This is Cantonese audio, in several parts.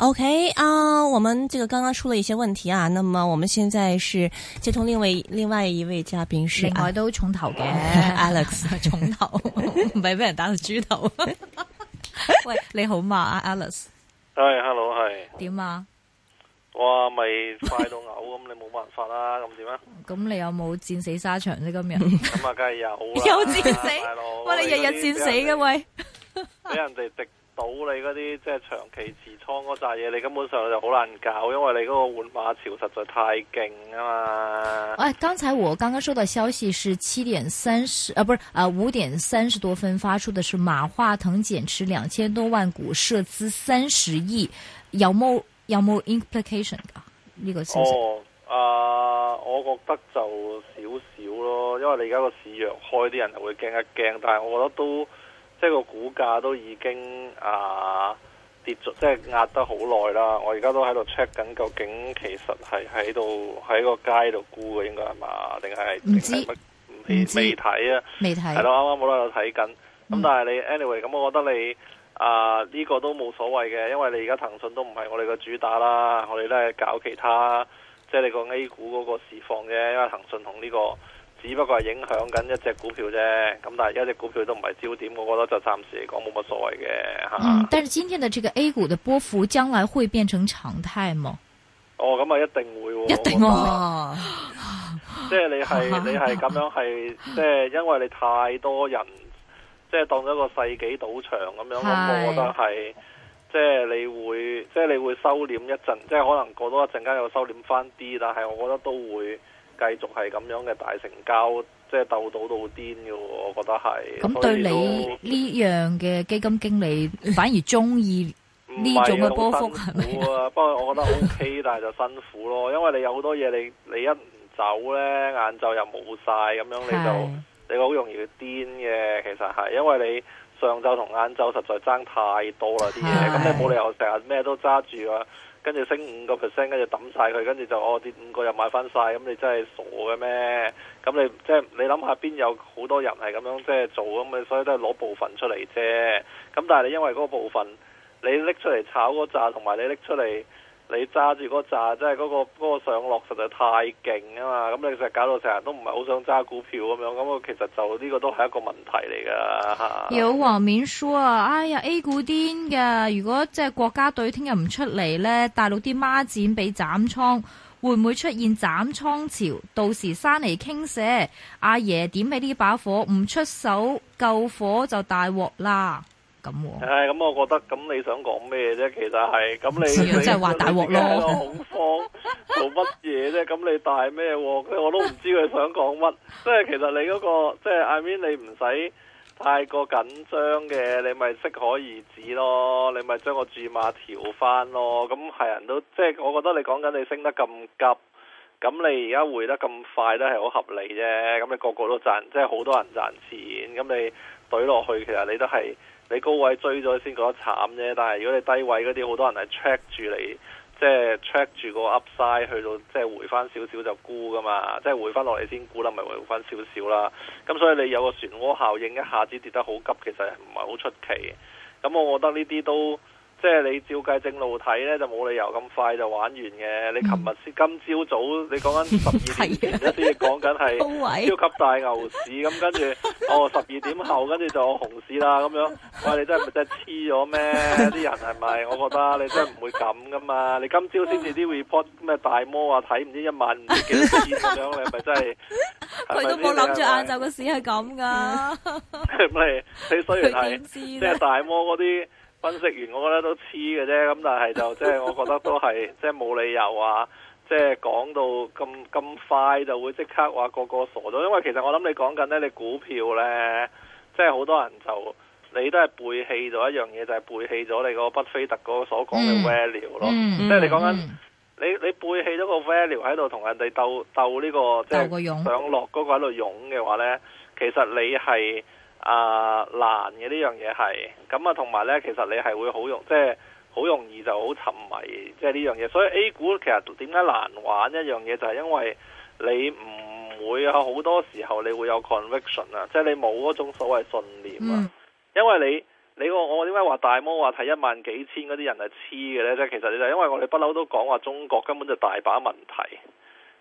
O.K. 啊，我們這個剛剛出了一些問題啊，那麼我們現在是接通另外另外一位嘉賓，是另外都重頭嘅 Alex 重頭，唔係俾人打到豬頭。喂，你好嘛，Alex？Hi，Hello，係。點啊？哇，咪快到嘔咁，你冇辦法啦，咁點啊？咁你有冇戰死沙場呢？今日咁啊，梗係有啦，有戰死，喂，你日日戰死嘅喂。俾 人哋滴到你嗰啲即係長期持倉嗰扎嘢，你根本上就好難搞，因為你嗰個換馬潮實在太勁啊嘛。誒、哎，剛才我剛剛收到消息是七點三十啊，不是啊，五點三十多分發出嘅，是馬化騰減持兩千多萬股，涉資三十億，有冇有冇 implication 噶呢、這個消息？哦，啊、呃，我覺得就少少咯，因為你而家個市弱開啲，人就會驚一驚，但係我覺得都。即係個股價都已經啊、呃、跌咗，即係壓得好耐啦。我而家都喺度 check 緊，究竟其實係喺度喺個街度估嘅，應該係嘛？定係定係？未未睇啊？未睇？係咯、啊，啱啱冇喺度睇緊。咁、嗯、但係你 anyway，咁我覺得你啊呢、呃這個都冇所謂嘅，因為你而家騰訊都唔係我哋嘅主打啦，我哋都係搞其他，即係你個 A 股嗰個示放嘅，因為騰訊同呢個。只不過係影響緊一隻股票啫，咁但係一隻股票都唔係焦點，我覺得就暫時嚟講冇乜所謂嘅吓。嗯，但係今天的這個 A 股嘅波幅將來會變成常態嗎？哦，咁啊，一定會，一定我覺得啊！即係你係、啊、你係咁樣係，即係、啊、因為你太多人，即係、啊、當咗個世紀賭場咁樣，啊、我覺得係，即係唉你會，即、就、係、是、你會收斂一陣，即、就、係、是、可能過多一陣間又收斂翻啲，但係我覺得都會。繼續係咁樣嘅大成交，即係鬥到到癲嘅，我覺得係。咁對你呢樣嘅基金經理反而中意呢種嘅波幅啊？ 不過我覺得 O、OK, K，但係就辛苦咯，因為你有好多嘢，你你一唔走咧，晏晝又冇晒，咁樣你就的你好容易會癲嘅。其實係，因為你上晝同晏晝實在爭太多啦啲嘢，咁的的你冇理由成日咩都揸住啊。跟住升五個 percent，跟住抌曬佢，跟住就哦跌五個又買翻曬，咁你真係傻嘅咩？咁你即係你諗下邊有好多人係咁樣即係做，咁所以都係攞部分出嚟啫。咁但係你因為嗰部分，你拎出嚟炒嗰扎，同埋你拎出嚟。你揸住嗰扎，即係嗰、嗰個嗰個上落，實在太勁啊嘛！咁你實搞到成日都唔係好想揸股票咁樣，咁我其實就呢、呢個都係一個問題嚟噶。有黃綿書啊！哎呀，A 股癲嘅，如果即係國家隊聽日唔出嚟呢，大陸啲孖展俾斬倉，會唔會出現斬倉潮？到時山泥傾瀉，阿、啊、爺點起呢把火，唔出手救火就大鑊啦！誒，咁我覺得，咁你想講咩啫？其實係，咁你你你你係話大鑊咯，恐慌做乜嘢啫？咁你大咩？佢我都唔知佢想講乜。即係其實你嗰個，即係 I mean，你唔使太過緊張嘅，你咪適可而止咯，你咪將個注碼調翻咯。咁係人都，即係我覺得你講緊你升得咁急，咁你而家回得咁快都係好合理啫。咁你個個都賺，即係好多人賺錢，咁你隊落去，其實你都係。你高位追咗先覺得慘啫，但係如果你低位嗰啲，好多人係 check 住你，即係 check 住個 upside 去到即係回翻少少就沽噶嘛，即係回翻落嚟先沽啦，咪回翻少少啦。咁所以你有個漩渦效應，一下子跌得好急，其實唔係好出奇。咁我覺得呢啲都。即係你照計正路睇咧，就冇理由咁快就玩完嘅。你琴日先，今朝早，早你講緊十二點前一啲講緊係超級大牛市咁，跟住 哦，十二點後，跟住就熊市啦咁樣。我話你真係咪真係黐咗咩？啲 人係咪？我覺得你真係唔會咁噶嘛。你今朝先至啲 report 咩大摩啊，睇唔知一萬幾億咁樣，你咪真係。佢都冇諗住晏晝嘅市係咁噶。係，你雖然係即係大摩嗰啲。分析完，我覺得都黐嘅啫。咁但係就即係，我覺得都係 即係冇理由話、啊，即係講到咁咁快就會即刻話個,個個傻咗。因為其實我諗你講緊咧，你股票咧，即係好多人就你都係背棄咗一樣嘢，就係、是、背棄咗你個巴菲特個所講嘅 value 咯。嗯嗯、即係你講緊、嗯嗯、你你背棄咗個 value 喺度同人哋鬥鬥,、這個、鬥個個呢個即係上落嗰個喺度湧嘅話咧，其實你係。啊難嘅呢樣嘢係，咁啊，同埋呢，其實你係會好容易即係好容易就好沉迷，即係呢樣嘢，所以 A 股其實點解難玩一樣嘢，就係因為你唔會有好多時候你會有 conviction 啊，即係你冇嗰種所謂信念啊，嗯、因為你你我我點解話大摩話睇一萬幾千嗰啲人係黐嘅呢？即係其實就因為我哋不嬲都講話中國根本就大把問題。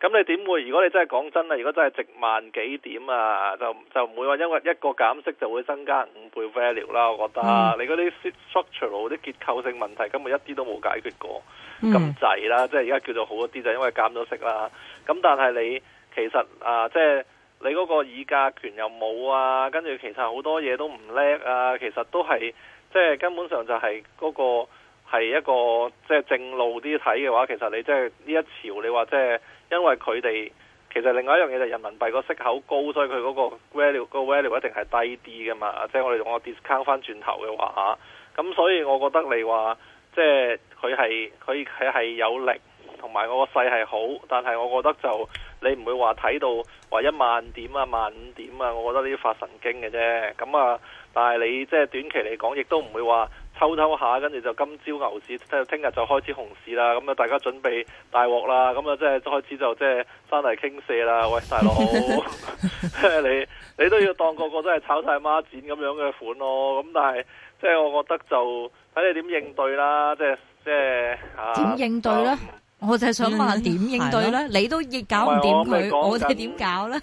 咁你點會？如果你真係講真啊，如果真係值萬幾點啊，就就唔會話因為一個減息就會增加五倍 value 啦。我覺得、mm. 你嗰啲 structural 啲結構性問題，根本一啲都冇解決過咁滯、mm. 啦。即係而家叫做好一啲，就因為減咗息啦。咁但係你其實啊，即係你嗰個議價權又冇啊，跟住其實好多嘢都唔叻啊。其實都係即係根本上就係嗰、嗰個係一個即係正路啲睇嘅話，其實你即係呢一潮你，你話即係。因為佢哋其實另外一樣嘢就人民幣個息口高，所以佢嗰個 value，個 value 一定係低啲噶嘛。即係我哋用個 discount 翻轉頭嘅話，咁所以我覺得你話即係佢係佢佢係有力，同埋個勢係好。但係我覺得就你唔會話睇到話一萬點啊，萬五點啊，我覺得呢啲發神經嘅啫。咁啊，但係你即係短期嚟講，亦都唔會話。偷偷下，跟住就今朝牛市，聽日就開始熊市啦。咁啊，大家準備大鑊啦。咁啊，即係開始就即係翻嚟傾瀉啦。喂，大佬， 你你都要當個個都係炒曬孖展咁樣嘅款咯。咁但係即係我覺得就睇你點應對啦。即係即係嚇點應對咧？嗯、我就係想問下點應對咧？嗯、你都亦搞唔掂佢， 我哋點搞咧？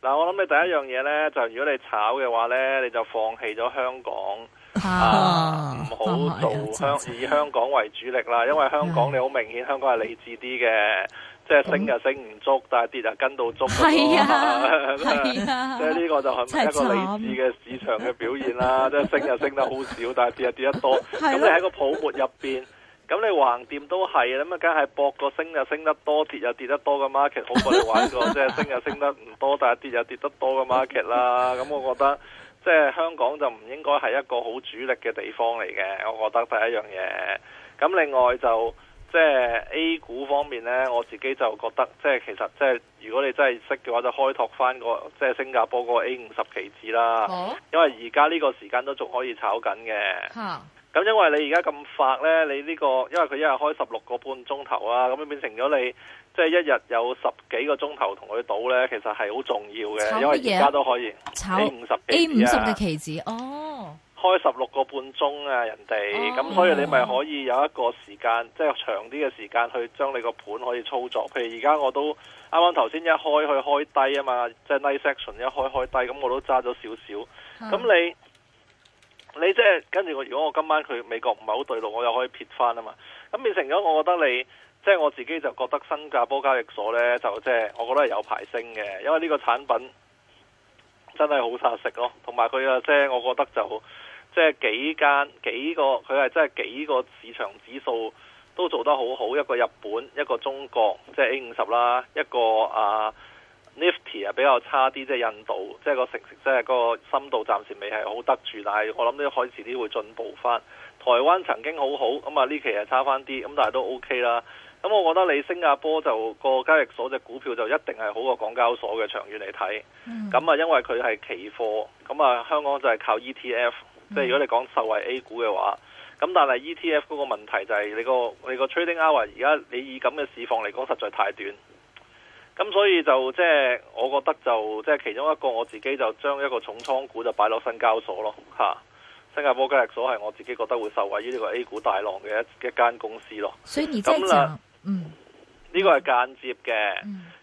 嗱， 我諗你第一樣嘢咧，就係、如果你炒嘅話咧，你就放棄咗香港。啊！唔好做香以香港為主力啦，因為香港你好明顯，香港係理智啲嘅，即係升又升唔足，但係跌又跟到足咁啊！即係呢個就係一個理智嘅市場嘅表現啦。即係升又升得好少，但係跌又跌得多。咁你喺個泡沫入邊，咁你橫掂都係咁啊，梗係博個升又升得多，跌又跌得多嘅 market 好過你玩過即係升又升得唔多，但係跌又跌得多嘅 market 啦。咁我覺得。即係香港就唔應該係一個好主力嘅地方嚟嘅，我覺得第一樣嘢。咁另外就，即係 A 股方面呢，我自己就覺得，即係其實，即係如果你真係識嘅話，就開拓翻個即係新加坡個 A 五十期指啦。哦、因為而家呢個時間都仲可以炒緊嘅。咁哈因為你而家咁發呢，你呢、這個因為佢一日開十六個半鐘頭啊，咁咪變成咗你即係一日有十幾個鐘頭同佢賭呢，其實係好重要嘅，因為而家都可以炒 A 五十 A 五十嘅期指哦。開十六個半鐘啊，人哋咁，啊、所以你咪可以有一個時間、啊、即係長啲嘅時間去將你個盤可以操作。譬如而家我都啱啱頭先一開去開低啊嘛，即係 Night Session 一開開低，咁我都揸咗少少。咁、啊、你你即係跟住我，如果我今晚佢美國唔係好對路，我又可以撇翻啊嘛。咁變成咗，我覺得你即係我自己就覺得新加坡交易所呢，就即係我覺得係有排升嘅，因為呢個產品真係好殺食咯，同埋佢啊，即係我覺得就。即係幾間幾個佢係即係幾個市場指數都做得好好，一個日本一個中國，即係 A 五十啦，一個啊、uh, Nifty 啊比較差啲，即係印度，即係個成即係個深度暫時未係好得住，但係我諗都開始啲會進步翻。台灣曾經好好咁啊，呢期係差翻啲，咁但係都 OK 啦。咁我覺得你新加坡就、個交易所隻股票就一定係好過港交所嘅長遠嚟睇。咁啊，因為佢係期貨，咁啊香港就係靠 ETF。即係如果你講受惠 A 股嘅話，咁但係 ETF 嗰個問題就係你個你個 trading hour 而家你以咁嘅市況嚟講實在太短，咁所以就即係、即係、我覺得就即係、即係、其中一個我自己就將一個重倉股就擺落新交所咯嚇、啊，新加坡交易所係我自己覺得會受惠於呢個 A 股大浪嘅一間公司咯。所以而即係嗯呢個係間接嘅，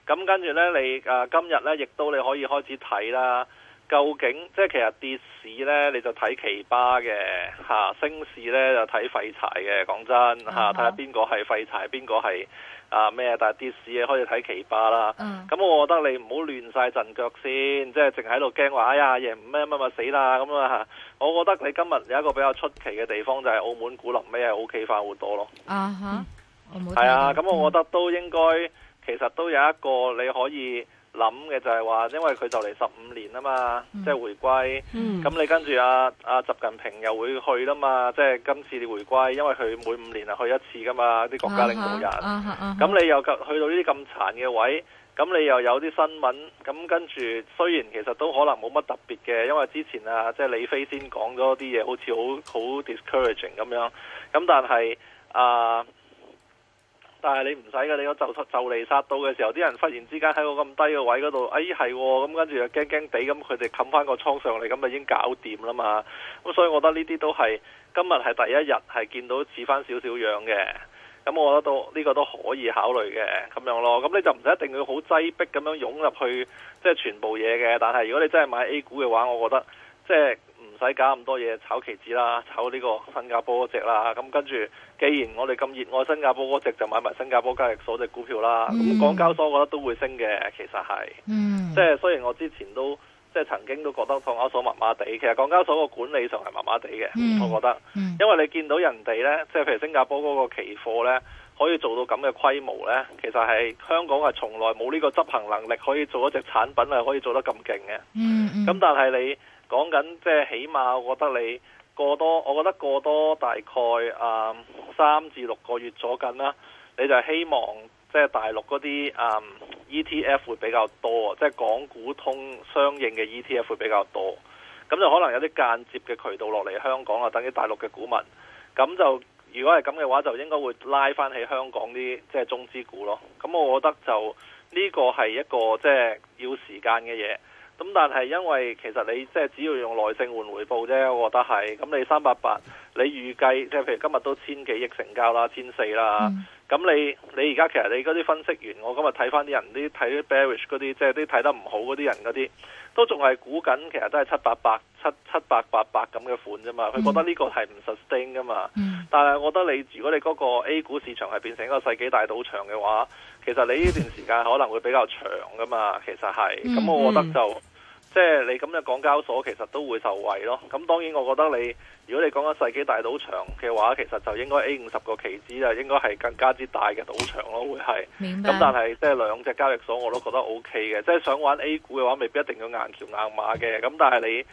咁、嗯、跟住咧你誒、啊、今日咧亦都你可以開始睇啦。究竟即係其實跌市呢，你就睇奇葩嘅吓，升市呢，就睇廢柴嘅。講真吓，睇下邊個係廢柴，邊個係啊咩？但係跌市可以睇奇葩啦。咁我覺得你唔好亂晒陣腳先，即係淨喺度驚話哎呀，贏咩乜乜死啦咁啊。我覺得你今日有一個比較出奇嘅地方就係澳門股臨尾係 OK 翻好多咯。啊係啊，咁我覺得都應該其實都有一個你可以。諗嘅就係話，因為佢就嚟十五年啦嘛。嗯、即係回歸，咁、嗯、你跟住阿阿習近平又會去啦嘛，即係今次你回歸，因為佢每五年啊去一次噶嘛，啲國家領導人，咁、啊啊啊、你又去到呢啲咁殘嘅位，咁你又有啲新聞，咁跟住雖然其實都可能冇乜特別嘅，因為之前啊，即係李飛先講咗啲嘢，好似好好 discouraging 咁樣，咁但係啊。但係你唔使嘅，你個就就嚟殺到嘅時候，啲人忽然之間喺個咁低嘅位嗰度，哎係，咁跟住又驚驚地，咁佢哋冚翻個倉上嚟，咁咪已經搞掂啦嘛。咁所以我覺得呢啲都係今日係第一日係見到似翻少少樣嘅，咁我覺得都呢、呢個都可以考慮嘅咁樣咯。咁你就唔使一定要好擠迫咁樣湧入去，即、就、係、係、全部嘢嘅。但係如果你真係買 A 股嘅話，我覺得即係。就係唔使搞咁多嘢，炒期指啦，炒呢個新加坡嗰隻啦。咁、啊、跟住，既然我哋咁熱愛新加坡嗰隻，就買埋新加坡交易所隻股票啦。咁、mm. 嗯嗯、港交所我覺得都會升嘅，其實係，即係雖然我之前都即係曾經都覺得港交所麻麻地，其實港交所個管理上係麻麻地嘅，mm. 我覺得。Mm. 因為你見到人哋呢，即係譬如新加坡嗰個期貨呢，可以做到咁嘅規模呢，其實係香港係從來冇呢個執行能力可以做一隻產品係可以做得咁勁嘅。咁但係你。嗯講緊即係起碼，我覺得你過多，我覺得過多大概誒三至六個月左右啦，你就希望即係大陸嗰啲誒 ETF 會比較多，即係港股通相應嘅 ETF 會比較多，咁就可能有啲間接嘅渠道落嚟香港啦，等於大陸嘅股民，咁就如果係咁嘅話，就應該會拉返起香港啲即係中資股咯。咁我覺得就呢個係一個即係要時間嘅嘢。咁但係因為其實你即係只要用耐性換回報啫，我覺得係咁你三八八，你預計即係譬如今日都千幾億成交啦，千四啦，咁、嗯、你你而家其實你嗰啲分析員，我今日睇翻啲人啲睇啲 bearish 嗰啲，即係啲睇得唔好嗰啲人嗰啲，都仲係估緊其實都係七,七,七八八七七百八八咁嘅款啫嘛，佢覺得呢個係唔 sustain 噶嘛，但係我覺得你如果你嗰個 A 股市場係變成一個世紀大賭場嘅話。其實你呢段時間可能會比較長噶嘛，其實係，咁我覺得就即係、mm hmm. 你咁嘅港交所，其實都會受惠咯。咁當然，我覺得你如果你講緊世紀大賭場嘅話，其實就應該 A 五十個期指啊，應該係更加之大嘅賭場咯，會係。明白。咁但係即係兩隻交易所，我都覺得 O K 嘅。即係想玩 A 股嘅話，未必一定要硬橋硬馬嘅。咁但係你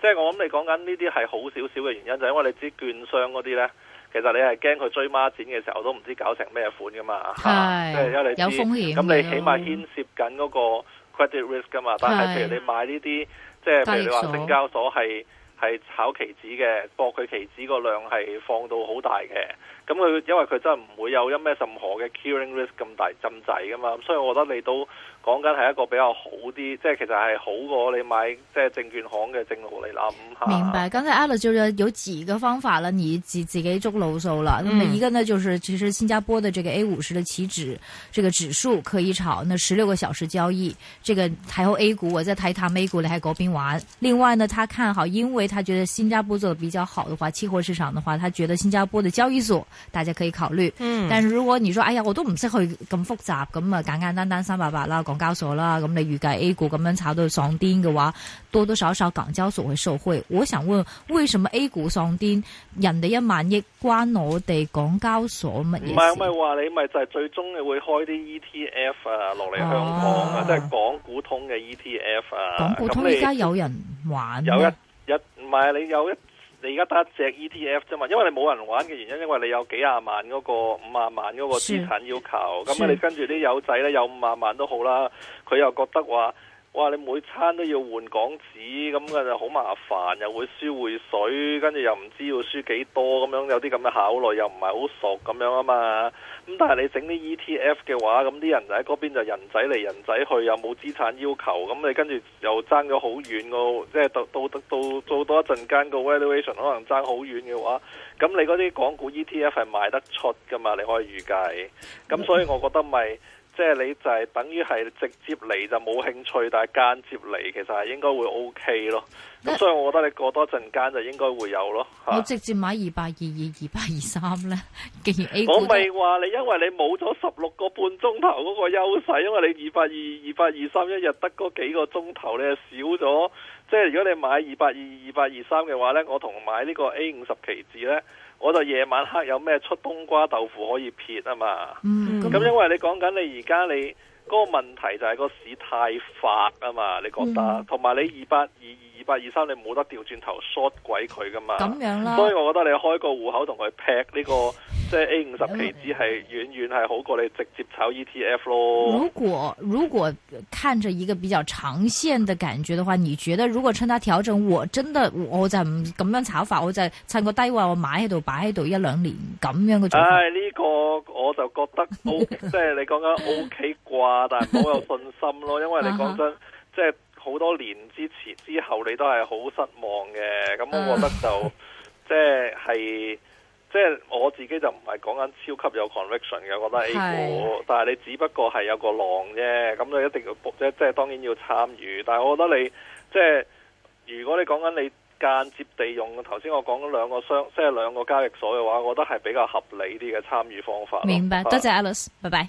即係我諗你講緊呢啲係好少少嘅原因，就因為你知券商嗰啲呢。其實你係驚佢追孖展嘅時候都唔知搞成咩款噶嘛，即係的因為你有風險。咁你起碼牽涉緊嗰個 credit risk 噶嘛，的但係譬如你買呢啲，即、就、係、是、譬如你話證交所係係炒期指嘅，博佢期指個量係放到好大嘅。咁佢因為佢真係唔會有一咩任何嘅 curing risk 咁大陣仗㗎嘛，所以我覺得你都講緊係一個比較好啲，即係其實係好過你買即係證券行嘅證券嚟諗。明白，剛才 Alex 就有幾個方法啦，你自己自己捉路數啦。一個呢，就是其實新加坡的這個 A50 的期指，這個指數可以炒，那十六個小時交易。這個台後 A 股，我在台糖美股咧，喺嗰邊玩。另外呢，他看好，因為他覺得新加坡做得比較好的話，期貨市場的話，他覺得新加坡的交易所。大家可以考慮咯，嗯、但如果你說，哎呀，我都唔識去咁複雜，咁啊簡簡單單三百八啦，港交所啦，咁你預計 A 股咁樣炒到上癲嘅話，多多少少港交所會受惠。我想問，為什麼 A 股上癲，人哋一萬億關我哋港交所乜嘢事？唔係唔係話你咪就係、是、最終你會開啲 ETF 啊，落嚟香港啊，即係港股通嘅 ETF 啊。港股通而家、啊、古你有人玩、啊？有一一唔係你有一？你而家得一隻 ETF 啫嘛，因為你冇人玩嘅原因，因為你有幾廿萬嗰、嗰個五萬萬嗰個資產要求，咁啊是你跟住啲友仔咧有五萬萬都好啦，佢又覺得話。哇！你每餐都要換港紙咁嘅就好麻煩，又會輸匯水，跟住又唔知要輸幾多咁樣，有啲咁嘅考慮又，又唔係好熟咁樣啊嘛。咁但係你整啲 ETF 嘅話，咁啲人就喺嗰邊就人仔嚟人仔去，又冇資產要求，咁你跟住又爭咗好遠嘅，即係到到到做多一陣間個 valuation 可能爭好遠嘅話，咁你嗰啲港股 ETF 係賣得出㗎嘛？你可以預計，咁所以我覺得咪、就係。即係你就係等於係直接嚟就冇興趣，但係間接嚟其實係應該會 OK 咯。咁但、嗯、所以我覺得你過多陣間就應該會有咯。我直接買二八二二、二八二三咧，既然 A 股，我未話你，因為你冇咗十六個半鐘頭嗰個優勢，因為你二八二二、二八二三一日得嗰幾個鐘頭，你就少咗。即係如果你買二八二二二八二三嘅話呢，我同買呢個 A 五十期指呢，我就夜晚黑有咩出冬瓜豆腐可以撇啊嘛。咁、嗯、因為你講緊你而家你嗰個問題就係個市太煩啊嘛，你覺得？同埋、嗯、你二八二二二八二三你冇得掉轉頭 short 鬼佢㗎嘛。咁樣啦。所以我覺得你開個戶口同佢劈呢、呢個。即係 A 五十期指係遠遠係好過你直接炒 ETF 咯。如果如果看着一個比較長線嘅感覺嘅話，你覺得如果趁佢調整，我真的我就唔咁樣炒法，我就趁個低位我買喺度擺喺度一兩年咁樣嘅做法。呢、哎呢個我就覺得 OK 即係你講緊 OK 啩，但係我冇信心咯。因為你講真，即係好多年之前之後，你都係好失望嘅。咁我覺得就即係。 即係我自己就唔係講緊超級有 conviction 嘅，我覺得 A 股，是的 但係你只不過係有個浪啫，咁咧一定要即係當然要參與，但係我覺得你即係如果你講緊你間接地用，頭先我講咗兩個商，即係兩個交易所嘅話，我覺得係比較合理啲嘅參與方法。明白，But 多謝 Alice，拜拜。